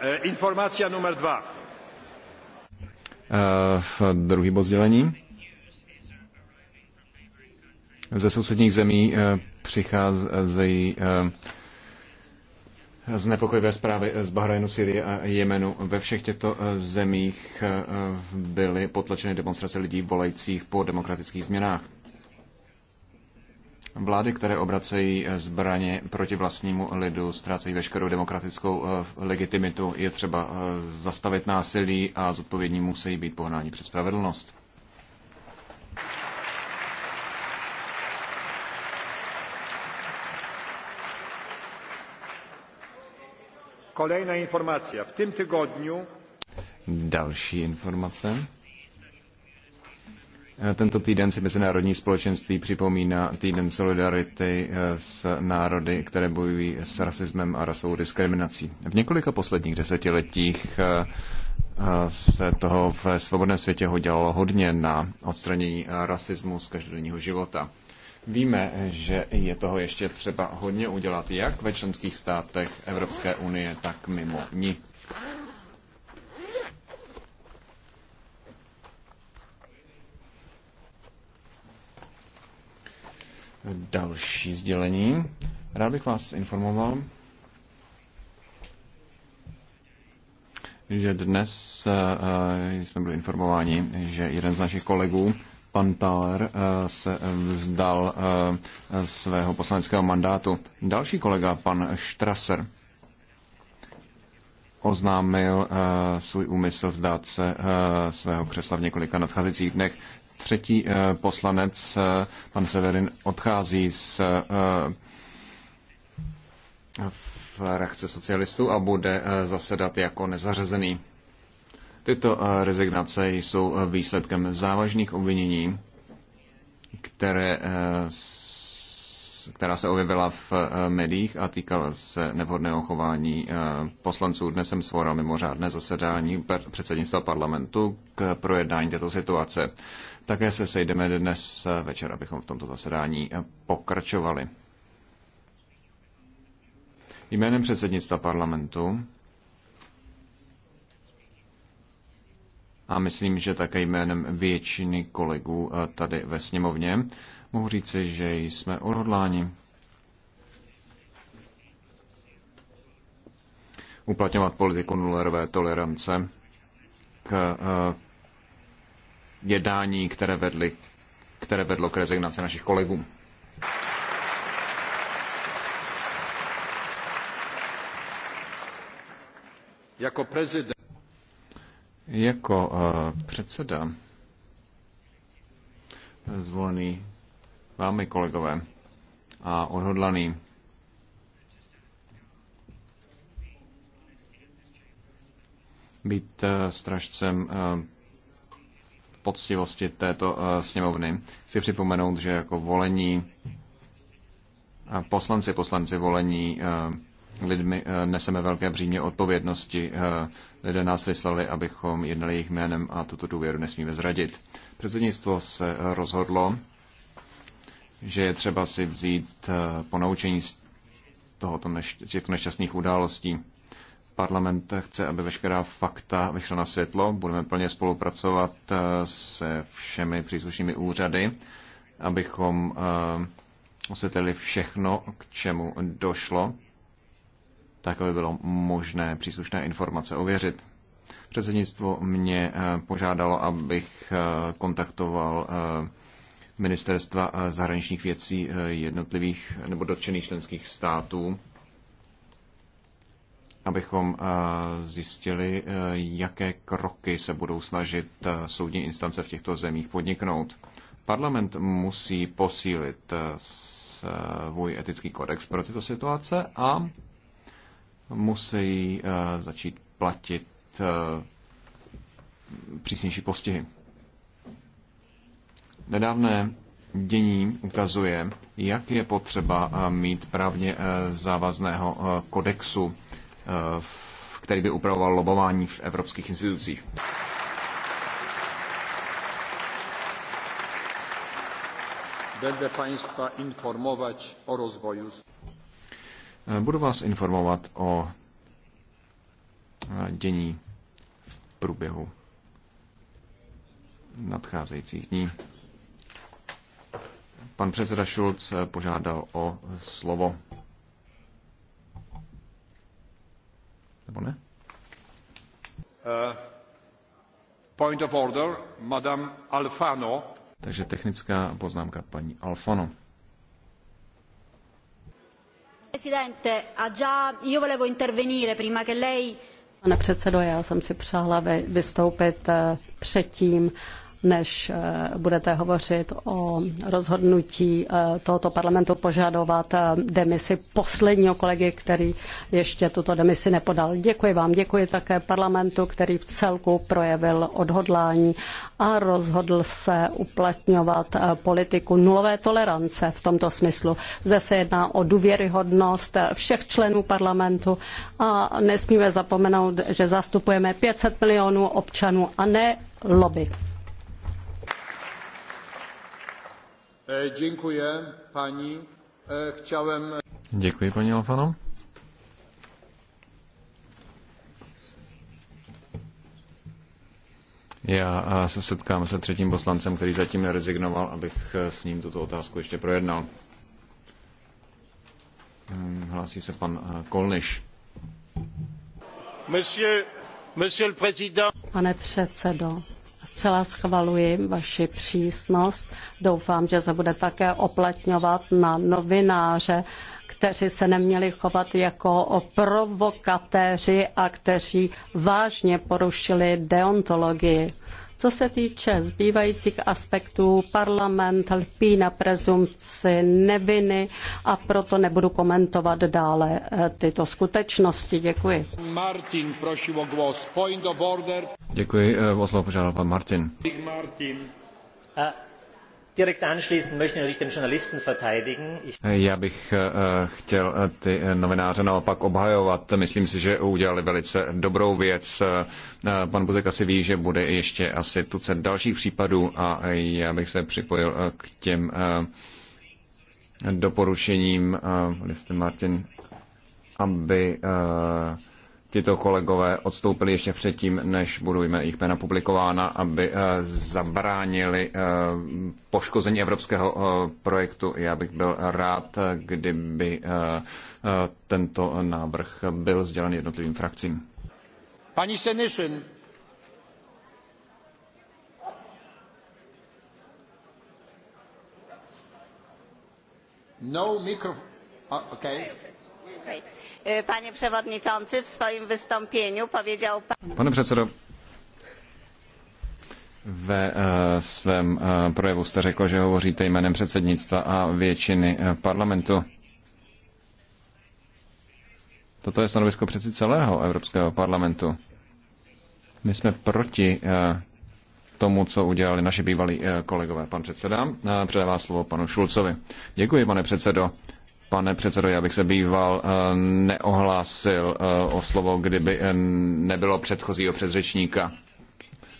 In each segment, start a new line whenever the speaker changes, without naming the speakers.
Eh, informace numer dva. Eh, v druhý bod sdělení. Ze sousedních zemí eh, přicházejí znepokojivé zprávy z Bahrajnu, Syrie a Jemenu. Ve všech těchto zemích byly potlačeny demonstrace lidí volajících po demokratických změnách. Vlády, které obracejí eh, zbraně proti vlastnímu lidu, ztrácejí veškerou demokratickou eh, legitimitu. Je třeba eh, zastavit násilí a zodpovědní musí být pohnání před spravedlnost. Kolejná informace. V tomto týdnu. Další informace. Eh, tento týden si mezinárodní společenství připomíná týden solidarity eh, s národy, které bojují s rasismem a rasovou diskriminací. V několika posledních desetiletích eh, se toho v svobodném světě dělalo hodně na odstranění rasismu z každodenního života. Víme, že je toho ještě třeba hodně udělat jak ve členských státech Evropské unie, tak mimo ní. další sdělení. Rád bych vás informoval, že dnes eh, eh, jsme byli informováni, že jeden z našich kolegů, pan Thaler, eh, se vzdal svého poslaneckého mandátu. Další kolega, pan Strasser, oznámil svůj úmysl vzdát se svého křesla v několika nadcházejících dnech třetí eh, poslanec, eh, pan Severin, odchází z eh, frakce socialistů a bude zasedat jako nezařazený. Tyto rezignace jsou výsledkem závažných obvinění, které která se objevila v eh, médiích a týkala se nevhodného chování eh, poslanců. Dnes jsem svoral mimořádné zasedání předsednictva parlamentu k projednání této situace. Také se sejdeme dnes eh, večer, abychom v tomto zasedání pokračovali. Jménem předsednictva parlamentu a myslím, že také jménem většiny kolegů eh, tady ve sněmovně mohu říci, že jsme odhodláni uplatňovat politiku nulerové tolerance k eh, jednání, které, vedli, které vedlo k rezignaci našich kolegů. Jako prezident jako eh, předseda eh, zvolený vámi kolegové a odhodlaný být eh, stražcem poctivosti této sněmovny. Chci připomenout, že jako volení poslanci, poslanci volení lidmi eh, neseme velké břímě odpovědnosti. Eh, Lidé nás vyslali, abychom jednali jejich jménem a tuto důvěru nesmíme zradit. Předsednictvo se rozhodlo, že je třeba si vzít eh, ponaučení z tohoto neš- těchto nešťastných událostí. Parlament chce, aby veškerá fakta vyšla na světlo. Budeme plně spolupracovat se všemi příslušnými úřady, abychom osvětlili všechno, k čemu došlo tak aby bylo možné příslušné informace ověřit. Předsednictvo mě eh, požádalo, abych eh, kontaktoval eh, ministerstva zahraničních věcí jednotlivých nebo dotčených členských států, abychom zjistili, jaké kroky se budou snažit soudní instance v těchto zemích podniknout. Parlament musí posílit svůj etický kodex pro tyto situace a musí eh, začít platit eh, přísnější postihy. Nedávné dění ukazuje, jak je potřeba eh, mít právně závazného kodexu, který by upravoval lobování v evropských institucích. Będę Państwa informować o rozwoju. Eh, budu vás informovat o eh, dění v průběhu nadcházejících dní. Pan předseda Šulc eh, požádal o slovo. Nebo ne? Uh, point of order, Madame Alfano. Takže technická poznámka paní Alfano.
Presidente, io volevo intervenire prima che lei... Pane předsedo, já jsem si přála vystoupit eh, předtím, než eh, budete hovořit o rozhodnutí eh, tohoto parlamentu požadovat eh, demisi posledního kolegy, který ještě tuto demisi nepodal. Děkuji vám, děkuji také parlamentu, který v celku projevil odhodlání a rozhodl se uplatňovat politiku nulové tolerance v tomto smyslu. Zde se jedná o důvěryhodnost všech členů parlamentu a nesmíme zapomenout, že zastupujeme 500 milionů občanů a ne lobby.
E, Děkuji, paní. E, chciałem... Děkuji, paní Alfano. Já se setkám se třetím poslancem, který zatím nerezignoval, abych e, s ním tuto otázku ještě projednal. Hmm, hlásí se pan Kolniš. Monsieur, monsieur le président.
Pane předsedo, Zcela schvaluji vaši přísnost. Doufám, že se bude také oplatňovat na novináře, kteří se neměli chovat jako provokatéři a kteří vážně porušili deontologii. Co se týče zbývajících aspektů, parlament lpí na prezumci neviny a proto nebudu komentovat dále eh, tyto skutečnosti. Děkuji.
Martin prosím o głos. Point of order. Děkuji, eh, o slovo požádal pan Martin. Martin. Uh. Já bych eh, chtěl eh, ty eh, novináře naopak obhajovat. Myslím si, že udělali velice dobrou věc. Pan Buzek asi ví, že bude ještě asi tucet dalších případů a já bych se připojil k těm doporučením, jste Martin, aby uh, tito kolegové odstoupili ještě předtím, než budou jich jména publikována, aby eh, zabránili eh, poškození evropského eh, projektu. Já bych byl rád, kdyby tento návrh byl sdělen jednotlivým frakcím.
Pani Senišin.
No mikrofon. Okay.
Krajowej. E, panie Przewodniczący, w swoim wystąpieniu powiedział Pan...
Panie przewodniczący, ve e, svém e, projevu jste řekl, že hovoříte jménem předsednictva a většiny parlamentu. Toto je stanovisko přeci celého Evropského parlamentu. My jsme proti tomu, co udělali naši bývalí kolegové. Pan předseda předává slovo panu Šulcovi. Děkuji, pane předsedo. Pane předsedo, já bych se býval eh, neohlásil eh, o slovo, kdyby eh, nebylo předchozího předřečníka,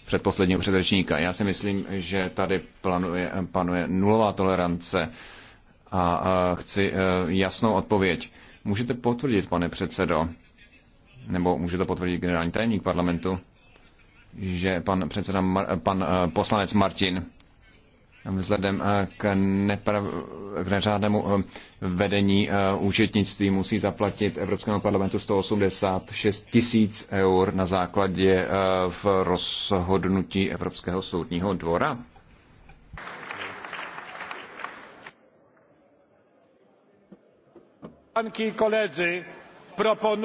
předposledního předřečníka. Já si myslím, že tady planuje, panuje nulová tolerance a chci jasnou odpověď. Můžete potvrdit, pane předsedo, nebo může to potvrdit generální tajemník parlamentu, že pan, předseda, pan poslanec Martin vzhledem eh, k, neprav, k neřádnému eh, vedení eh, účetnictví musí zaplatit Evropskému parlamentu 186 tisíc eur na základě v rozhodnutí Evropského soudního dvora. Koleżanki i koledzy,